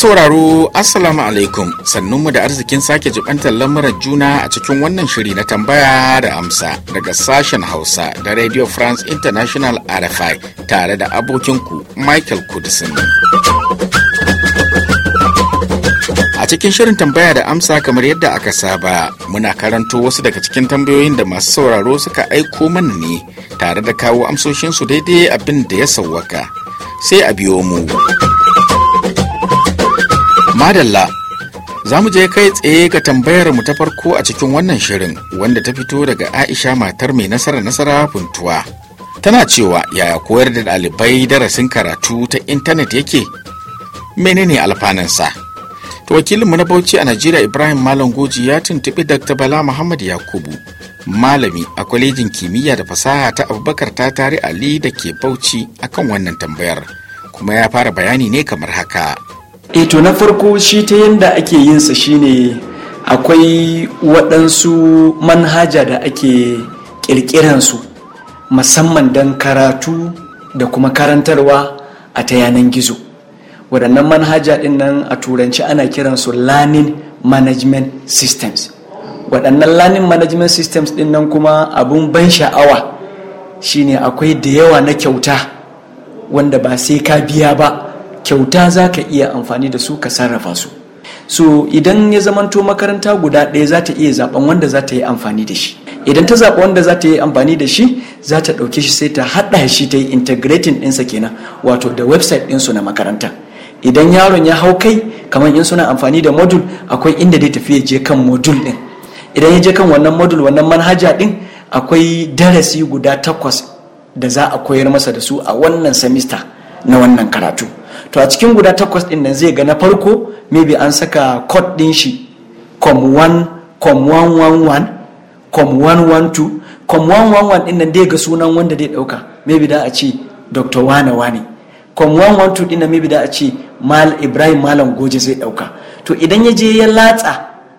Masu sauraro Assalamu alaikum mu da arzikin sake jibantar lamuran juna a cikin wannan shiri na tambaya da amsa daga sashen Hausa da Radio France International RFI tare da ku Michael Kudisin. A cikin shirin tambaya da amsa kamar yadda aka saba muna karanto wasu daga cikin tambayoyin da masu sauraro suka aiko mana ne tare da kawo amsoshinsu daidai abin da ya sauwaka. Sai a biyo mu. Madalla za mu je kai tsaye ga tambayar mu ta farko a cikin wannan shirin wanda ta fito daga Aisha matar mai nasara nasara puntuwa. Tana cewa yaya koyar da ɗalibai darasin karatu ta intanet yake? Menene alfanansa? To wakilinmu na Bauchi a Najeriya Ibrahim Malam Goji ya tuntubi Dr. Bala Muhammad Yakubu, malami a kwalejin kimiyya da fasaha ta Abubakar ta tare Ali da ke Bauchi akan wannan tambayar. Kuma ya fara bayani ne kamar haka. e to na farko shi ta yadda ake yinsa sa shine akwai waɗansu manhaja da ake ƙirƙiransu musamman don karatu da kuma karantarwa a ta yanan gizo waɗannan manhaja ɗin nan a turanci ana kiransu learning management systems waɗannan learning management systems ɗin nan kuma abun ban sha'awa shine akwai da yawa na kyauta wanda ba sai ka biya ba kyauta za ka iya amfani da su ka sarrafa su so idan ya zamanto makaranta guda ɗaya za ta iya zaɓen wanda za ta yi amfani da shi idan ta zaɓa wanda za ta yi amfani da shi za ta ɗauki shi sai ta haɗa shi ta yi integrating ɗinsa kenan wato da website ɗinsu na makaranta idan yaron ya hau kai kamar in suna amfani da modul akwai inda dai tafi ya je kan modul ɗin idan ya je kan wannan modul wannan manhaja ɗin akwai darasi guda takwas da za a koyar masa da su a wannan semester na wannan karatu to a cikin guda takwas din nan zai ga na farko maybe an saka code din shi com 1 com 111 com 112 com 111 din nan dai ga sunan wanda dai dauka maybe da a ce dr wane wane com 112 din nan maybe da a ce mal ibrahim malam goje zai dauka to idan ya je ya latsa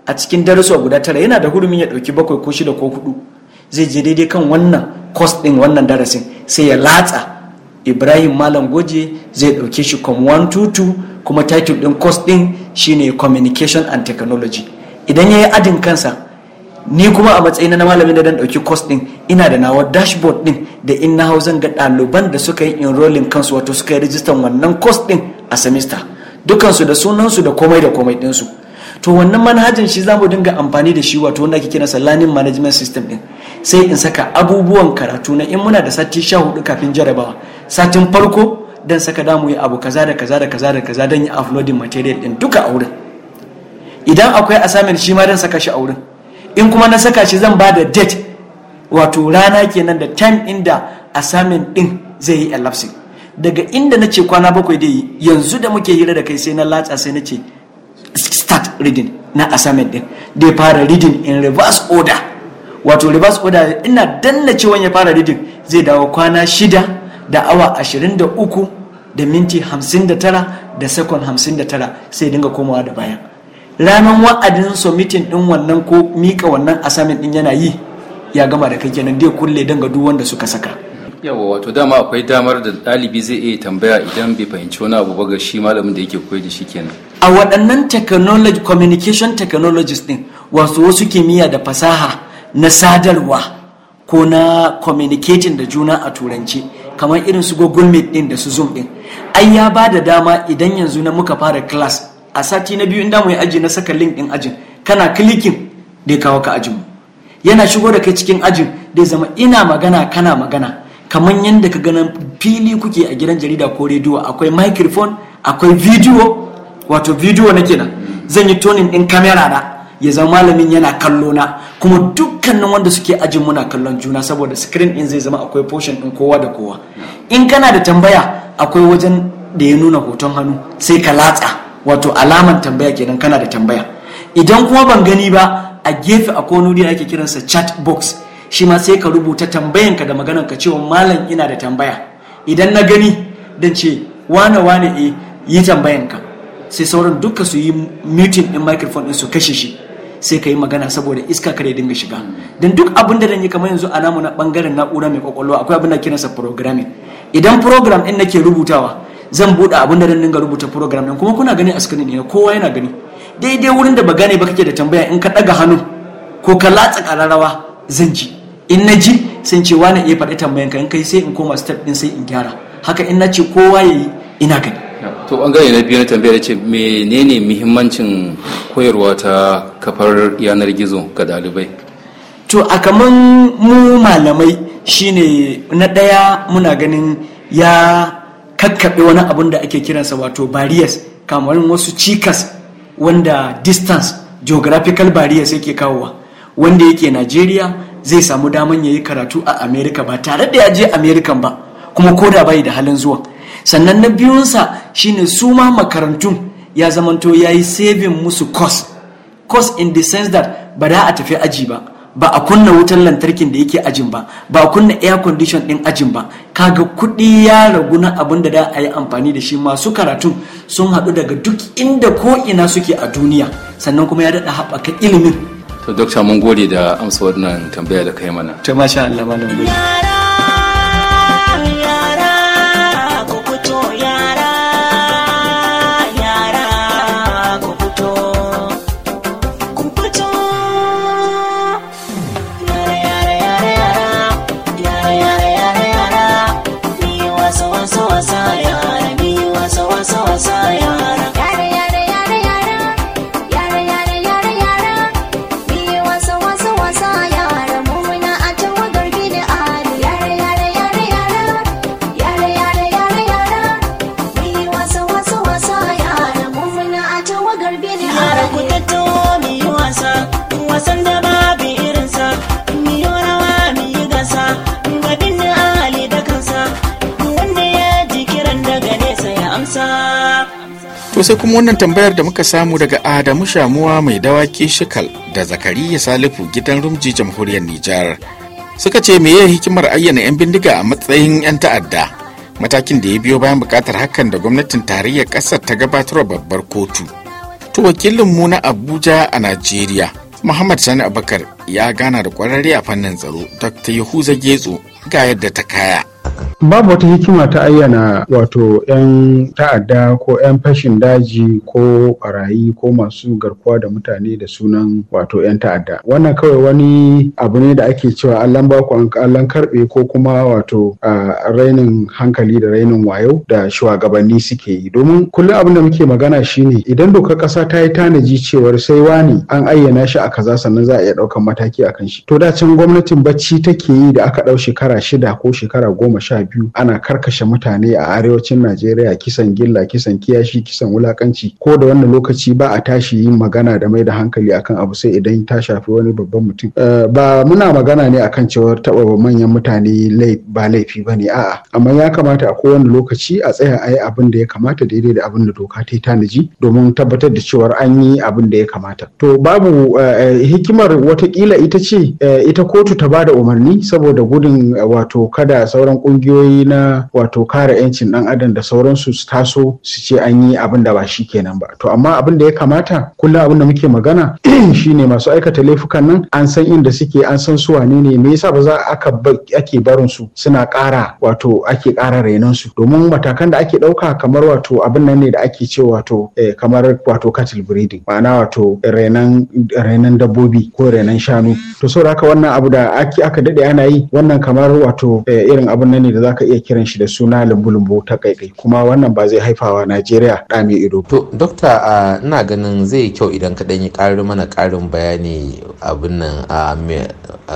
a cikin darasuwa guda tara yana da hurumin ya dauki bakwai ko shida ko hudu zai je daidai kan wannan course din wannan darasin sai ya latsa ibrahim malam goje zai ɗauke shi com 122 kuma title ɗin course ɗin shine communication and technology idan ya yi adin kansa ni kuma a matsayina na malamin da dan ɗauki course ɗin ina da nawa dashboard ɗin da in na zan ga ɗaliban da suka yi enrolling kansu wato suka yi rijistan wannan course ɗin a semester dukansu da sunansu da komai da komai ɗinsu to wannan manhajin shi za mu dinga amfani da shi wato wanda ake kira learning management system din sai in saka abubuwan karatu na in muna da sati sha hudu kafin jarabawa satin farko dan saka damu yi abu kaza da kaza da kaza da kaza dan yi uploading material din duka a wurin idan akwai assignment shi ma dan saka shi a wurin in kuma na saka shi zan ba da date wato rana kenan da time inda assignment din zai yi elapsing daga inda nace kwana bakwai dai yanzu da muke hira da kai sai na latsa sai na ce reading na assignment din dai fara reading in reverse order wato reverse order ina danna cewa ya fara reading zai dawo kwana shida da awa ashirin da uku minti hamsin da second hamsin sai dinga komawa da bayan ranar wa'adin submitting din wannan ko mika wannan assignment din yana yi ya gama da kai kenan dai kulle danga duk wanda suka saka yawa wato dama akwai damar da ɗalibi zai iya tambaya idan bai fahimci wani abu ba ga shi malamin da yake koyi da shi kenan a waɗannan technology communication technologies din wasu wasu kimiyya da fasaha na sadarwa ko na communicating da juna a turanci kamar irin su google meet din da su zoom din ai ya ba da dama idan yanzu na muka fara class a sati na biyu inda mu aji na saka link din ajin kana clicking da kawo ka ajin yana shigo da kai cikin ajin da zama ina magana kana magana kamar yadda ka ganin fili kuke a gidan jarida ko rediyo akwai microphone akwai video wato video na kenan zan yi tonin din kamera na ya zama malamin yana kallo na kuma dukkanin wanda suke ajin muna kallon juna saboda screen din zai zama akwai portion din kowa da kowa in kana da tambaya akwai wajen da ya nuna hoton hannu sai ka latsa wato alaman tambaya kenan kana da tambaya idan kuma ban gani ba a gefe akwai wani ake kiransa chat box shi ma sai ka rubuta tambayanka da maganar ka cewa malam ina da tambaya idan na gani dan ce wane wane e yi tambayanka sai sauran duka su yi mutin din microphone din su kashe shi sai ka yi magana saboda iska kare dinga shiga dan duk abin da yi kamar yanzu alamu na bangaren na'ura mai kwakwalwa akwai abin da kiransa programming idan program din nake rubutawa zan buɗe abin da dinga rubuta program din kuma kuna gani a screen ne kowa yana gani daidai wurin da ba gane ba kake da tambaya in ka daga hannu ko ka latsa kararawa zan ji in na ji sun ce wani iya faɗi tambayan ka in kai sai in koma step din sai in gyara haka in na ce kowa ya yi ina gani to bangare na biyu na tambayar ce menene muhimmancin koyarwa ta kafar yanar gizo ga dalibai to a kaman mu malamai shine na ɗaya muna ganin ya kakkaɓe wani abun da ake kiransa wato barriers kamar wasu cikas wanda distance geographical barriers yake kawowa wanda yake Najeriya zai samu daman ya yi karatu a america ba tare da ya je american ba kuma ko da bai da halin zuwa sannan na biyunsa shine su ma makarantun ya zamanto ya yi saving musu cost cost in the sense that ba da a tafi aji ba ba a kunna wutar lantarkin da yake ajin ba ba a kunna air condition din ajin ba kaga kudi ya ragu na abin da da a yi amfani da shi masu karatun sun haɗu daga duk inda ko ina suke a duniya sannan kuma ya daɗa haɓaka ilimin dokta mun gode da amsa wannan tambaya da kai mana ta masha Allah malam To kuma wannan tambayar da muka samu daga Adamu Shamuwa mai dawaki shikal da Zakariya Salifu gidan Rumji jamhuriyar Nijar. Suka ce meye hikimar ayyana 'yan bindiga a matsayin 'yan ta'adda. Matakin da ya biyo bayan bukatar hakan da gwamnatin tarayyar ƙasar ta gabatar babbar kotu. To wakilinmu na Abuja a Najeriya, Muhammad Sani Abakar ya gana da kwararre a fannin tsaro Dr. Yahuza Getso ga yadda ta kaya. babu wata hikima ta ayyana wato 'yan ta'adda ko 'yan fashin daji ko barayi ko masu garkuwa da mutane da sunan wato 'yan ta'adda wannan kawai wani abu ne da ake cewa allan baku allan karbe ko kuma wato rainin hankali da rainin wayo da shugabanni suke yi domin kullum abin da muke magana shine idan dokar kasa ta yi tanaji cewar sai wani an ayyana shi a kaza sannan za a iya ɗaukan mataki akan shi to da can gwamnatin bacci take yi da aka ɗau shekara shida ko shekara goma sha biyu biyu ana karkashe mutane a arewacin najeriya kisan gilla kisan kiyashi kisan wulakanci ko da wannan lokaci ba a tashi yin magana da mai da hankali akan abu sai idan ta shafi wani babban mutum eh, ba muna magana ne akan cewar taba manyan mutane ba laifi ba ne a'a amma ya kamata a kowane lokaci a tsaya a yi abin da ya kamata daidai da abin da doka ta tanaji domin tabbatar da cewar an yi abin da ya kamata to babu eh, eh, hikimar watakila ita ce ita kotu ta ba da umarni saboda gudun wato kada sauran ƙungiyoyi kungiyoyi na wato kare 'yancin dan adam da sauransu su taso su ce an yi abin da ba shi kenan ba to amma abin da ya kamata kullum abin da muke magana shine masu aikata laifukan nan an san inda suke an san su wane ne me yasa ba za aka ake barin su suna ƙara wato ake ƙara renon su domin matakan da ake ɗauka kamar wato abin nan ne da ake ce wato eh, kamar wato cattle breeding ma'ana wato renon renon dabbobi ko renon shanu to saboda haka wannan abu da ake aka dade ana yi wannan kamar wato eh, irin abin nan ne da za zaka ka iya kiran shi da suna lumbu-lumbu ta kaikai kuma wannan ba zai haifawa najeriya da mai ido to dokta ina ganin zai kyau idan ka yi ƙarin mana karin bayani abin nan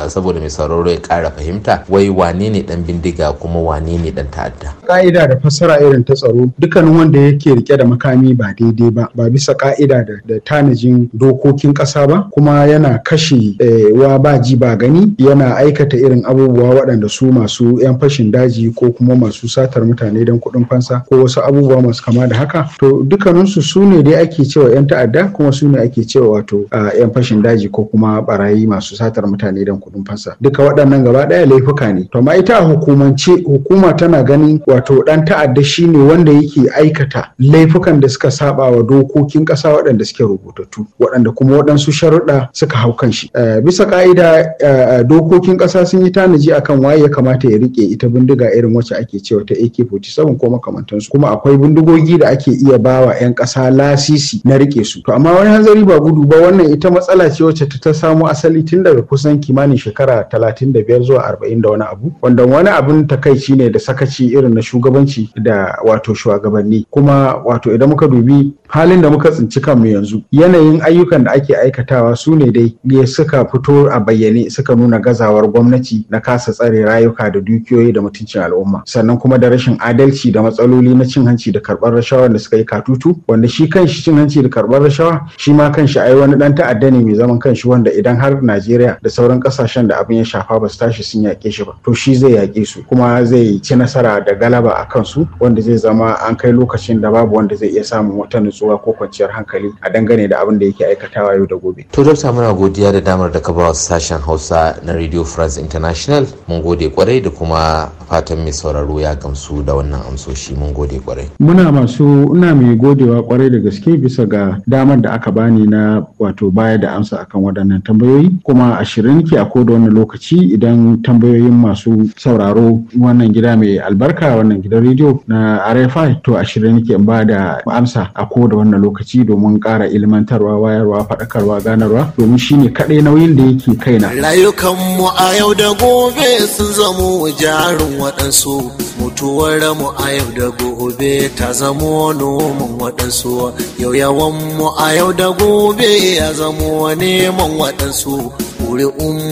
saboda mai sauraro ya kara fahimta wai wane ne dan bindiga kuma wane ne dan ta'adda Ka'ida da fassara irin ta tsaro dukkanin wanda yake rike da makami ba daidai ba ba bisa ka'ida da tanajin dokokin ƙasa ba kuma yana kashe eh, wa ba ji ba gani yana aikata irin abubuwa waɗanda su masu 'yan fashin daji daji ko kuma masu satar mutane don kuɗin fansa ko wasu abubuwa masu kama da haka to dukkaninsu su ne dai ake cewa 'yan ta'adda kuma su ne ake cewa wato 'yan fashin daji ko kuma barayi masu satar mutane don kuɗin fansa duka waɗannan gaba ɗaya laifuka ne to amma ita hukumance hukuma tana ganin wato ɗan ta'adda shine wanda yake aikata laifukan da suka saba wa dokokin ƙasa waɗanda suke rubutattu waɗanda kuma waɗansu sharuɗa suka hau kan shi eh, bisa ka'ida eh, dokokin ƙasa sun yi tanaji akan waye ya kamata ya riƙe ita bindiga ga irin wacce ake cewa ta AK47 ko makamantansu kuma akwai bindigogi da ake iya bawa 'yan ƙasa lasisi na rike su to amma wani hanzari ba gudu ba wannan ita matsala ce wacce ta samo asali tun daga kusan kimanin shekara 35 zuwa 40 da wani abu wanda wani abin takaici ne da sakaci irin na shugabanci da wato shugabanni kuma wato idan muka dubi halin da muka tsinci kanmu yanzu yanayin ayyukan da ake aikatawa su ne dai ne suka fito a bayyane suka nuna gazawar gwamnati na kasa tsare rayuka da dukiyoyi da mutuncin al'umma sannan kuma da rashin adalci da matsaloli na cin hanci da karɓar rashawa da suka yi katutu wanda shi kanshi cin hanci da karɓar rashawa shi ma kanshi ai wani dan ta'adda ne mai zaman kanshi wanda idan har Najeriya da sauran kasashen da abin ya shafa ba su tashi sun yaƙe shi ba to shi zai yaƙe su kuma zai ci nasara da galaba a kansu wanda zai zama an kai lokacin da babu wanda zai iya samun wata nutsuwa nutsuwa ko kwanciyar hankali a dangane da abin da yake aikatawa yau da gobe. To dokta muna godiya da damar da ka ba sashen Hausa na Radio France International mun gode kwarai da kuma fatan mai sauraro ya gamsu da wannan amsoshi mun gode kwarai. Muna masu ina mai godewa kwarai da gaske bisa ga damar da aka bani na wato baya da amsa akan waɗannan tambayoyi kuma ashirin ke a ko da wani lokaci idan tambayoyin masu sauraro wannan gida mai albarka wannan gidan rediyo na RFI to ashirin ke ba da amsa a ko mu da wannan lokaci domin ƙara ilmantarwa wayarwa faɗakarwa ganarwa domin shine kaɗai nauyin da yake kai kaina rayukanmu a yau da gobe sun zamo jarin waɗansu mutuwar mu a yau da gobe ta zamo noman waɗansu yau yawan mu a yau da gobe ya zamo neman waɗansu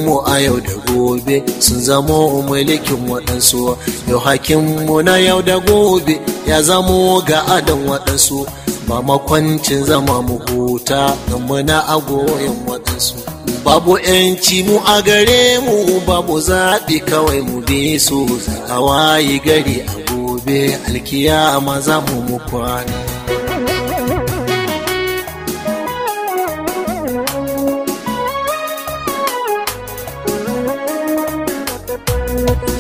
mu a yau da gobe sun zamo mulkin waɗansu yau hakinmu na yau da gobe ya zamo ga adon waɗansu Ba makwancin zama mu huta in muna goyon waɗansu babu yanci mu a gare mu babu zaɓi kawai mu bi su a gari a gobe ma za mu mu kwana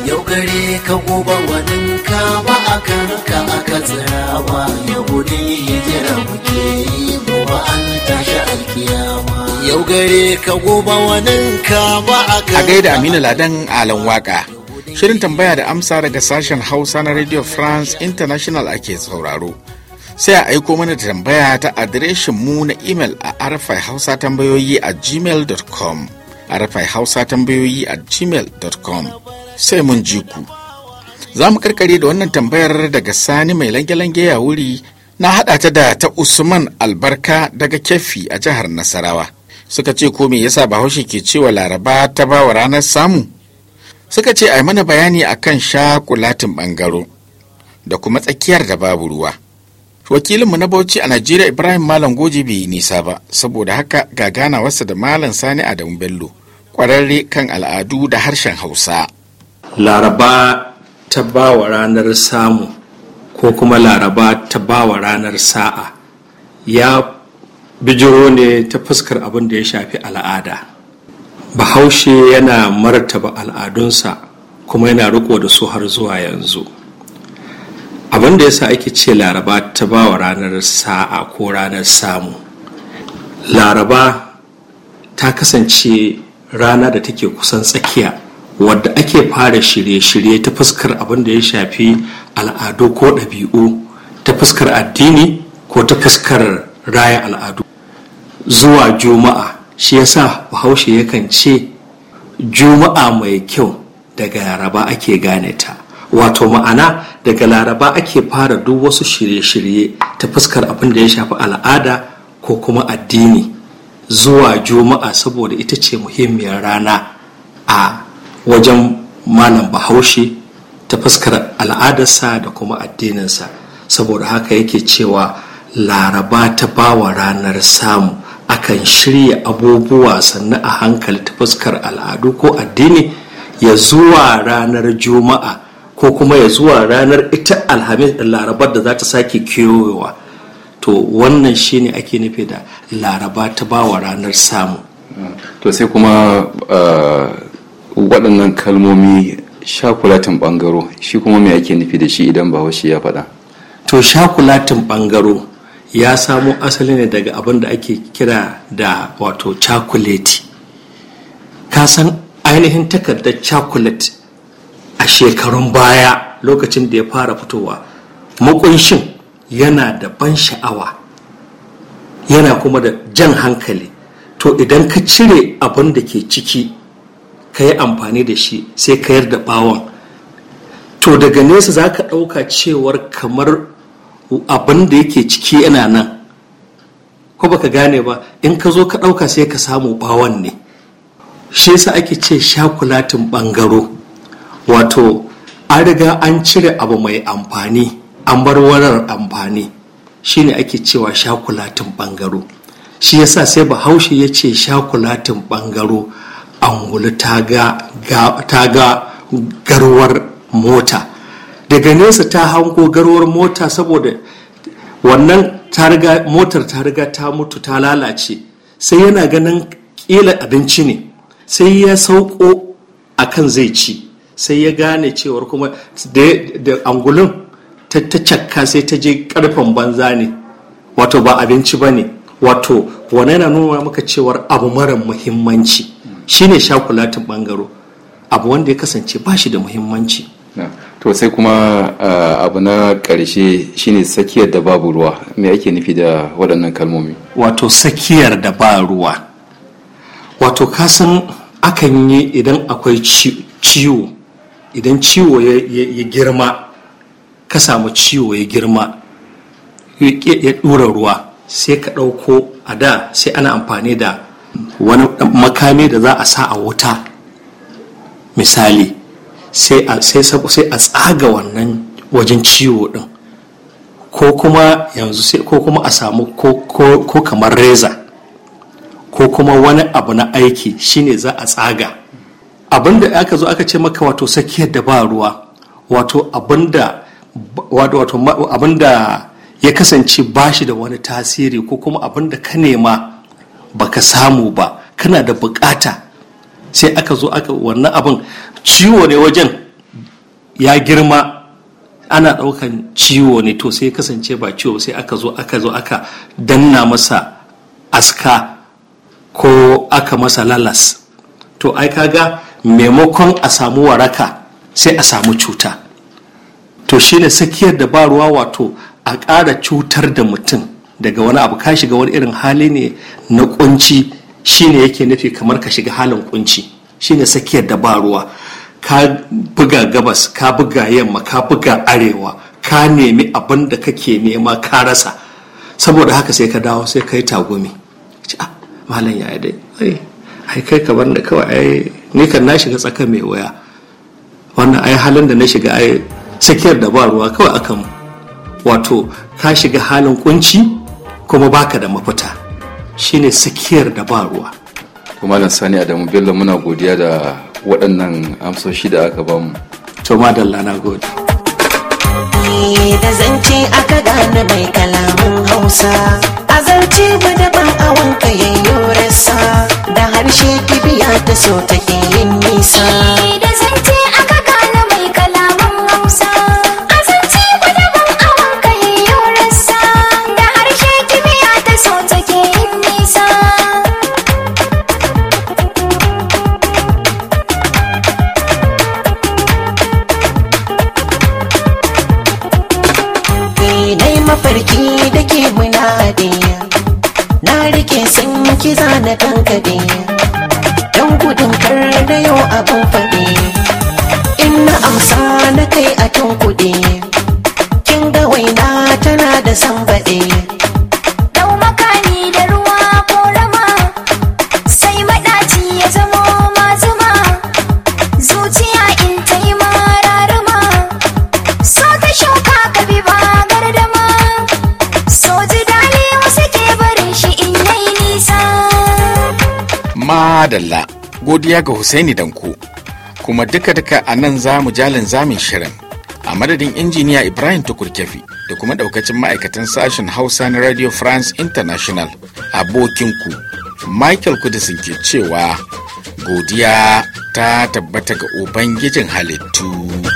yau gare ka gobe waninka ba aka raka aka tsirawa ya muke yi gobe an tashi alkiyama yau gare ka gobe ka ba aka a gaida amina ladan alan waka shirin tambaya da amsa daga sashen hausa na radio france international ake sauraro sai a aiko mana tambaya ta adireshin mu na imel a arafai hausa tambayoyi a gmail.com arafai hausa tambayoyi a gmail.com sai mun ji ku. za mu karkare da wannan tambayar daga sani mai lange-lange ya wuri na haɗa ta da ta usman albarka daga kefi a jihar nasarawa suka ce ko me yasa bahaushe ke cewa laraba ta bawa ranar samu suka ce a mana bayani akan shakulatin bangaro da kuma tsakiyar da babu ruwa wakilinmu na bauchi a najeriya ibrahim malam goji bai yi nisa ba saboda haka ga ganawarsa da malam sani adamu bello kwararre kan al'adu da harshen hausa laraba ta ba wa ranar samu ko kuma laraba ta ba wa ranar sa'a ya bijiro ne ta fuskar abin da ya shafi al'ada bahaushe yana martaba al'adunsa kuma yana riko da su har zuwa yanzu abin da yasa ake ce laraba ta ba wa ranar sa'a ko ranar samu laraba ta kasance rana da take kusan tsakiya wadda ake fara shirye-shirye ta fuskar abin da ya shafi al'adu ko ɗabi'u ta fuskar addini ko ta fuskar raya al'adu zuwa juma'a shi yasa bahaushe yakan ce juma'a mai kyau daga laraba ake gane ta wato ma'ana daga laraba ake fara duk wasu shirye-shirye ta fuskar abin da ya shafi al'ada ko kuma addini zuwa juma'a saboda ita ce muhimmiyar rana a wajen malam bahaushe ta fuskar al'adarsa da kuma addininsa saboda haka yake cewa laraba ta bawa ranar samu akan shirya abubuwa sannan a hankali ta fuskar al'adu ko addini ya zuwa ranar juma'a ko kuma ya zuwa ranar ita alhamis da larabar da za ta sake kewowa to wannan shine ake nufi da laraba ta bawa ranar samu to sai kuma eh, waɗannan kalmomi shakulatin ɓangaro shi kuma mai ake nufi da shi idan ba ya faɗa to shakulatin ɓangaro ya samo asali ne daga abin da ake kira da wato cakuleti ka san ainihin takardar cakulet a shekarun baya lokacin da ya fara fitowa makunshin yana da ban sha'awa yana kuma da jan hankali to idan ka cire abin da ke ciki ka yi amfani da shi sai ka yar da bawon to daga nesa za ka ɗauka cewar kamar abin da yake ciki yana nan ko baka gane ba in ka zo ka ɗauka sai ka samu bawon ne shi yasa ake ce shakulatin ɓangaro wato an riga an cire abu mai amfani an bar warar amfani shine ake cewa shakulatin ɓangaro shi yasa sai bahaushe ya ce shakulatin ɓangaro angulu ta ga garwar mota daga nesa ta hanko garwar mota saboda wannan motar ta riga ta mutu ta lalace sai yana ganin kila abinci ne sai ya sauko a kan zai ci sai ya gane cewar kuma da angulun ta cakka sai ta je karfin banza ne wato ba abinci ba ne wato wane na nuna maka cewar abu mara muhimmanci shine shakulatin bangaro abu wanda ya kasance ba shi da muhimmanci to sai kuma abu na karshe shine tsakiyar da babu ruwa me ake nufi da waɗannan kalmomi wato tsakiyar da ba ruwa wato kasan akan yi idan akwai ciwo idan ciwo ya girma ka samu ciwo ya girma ya ɗura ruwa sai ka ɗauko a da sai ana amfani da wani makami da za a sa a wuta misali sai a tsaga wannan wajen ciwo ɗin, ko kuma yanzu ko kuma a samu ko kamar reza ko kuma wani abu na aiki shine za a tsaga abinda aka zo aka ce maka wato sakiyar da ba ruwa wato abinda wato abinda ya kasance bashi da wani tasiri ko kuma abinda ka nema baka samu ba kana da bukata sai aka zo aka wannan abin ciwo ne wajen ya girma ana daukan ciwo ne to sai kasance ba ciwo sai aka zo aka zo aka danna masa aska ko aka masa lalas to ai kaga maimakon a samu waraka sai a samu cuta to shi ne tsakiyar da ba ruwa wato a ƙara cutar da mutum daga wani abu ka shiga wani irin hali ne na kunci shine yake nufi kamar ka shiga halin kunci shine tsakiyar da ba ruwa ka buga gabas ka buga yamma ka buga arewa ka nemi abin da kake nema ka rasa saboda haka sai ka dawo sai ka yi tagumi a ah, malam da na shiga tsaka mai waya wannan ai halin da na shiga ai tsakiyar da ba ruwa kawai akan wato ka shiga halin kunci kuma baka da mafita shine sikiyar da ba ruwa to malam sani adamu bello muna godiya da waɗannan amsoshi da aka bamu to madalla na gode eh, da zance aka gane mai kalamun hausa a zance madaban awon kayayyo rasa da harshe kibiya ta so take yin nisa eh, da zance da kanka madalla godiya ga Husaini Danko. Kuma duka-duka a nan za mu jalin zamin shirin. A madadin injiniya Ibrahim Tukurkefi da kuma daukacin ma'aikatan sashen Hausa na Radio France International abokinku Michael Kudisin ke cewa godiya ta tabbata ga Ubangijin halittu.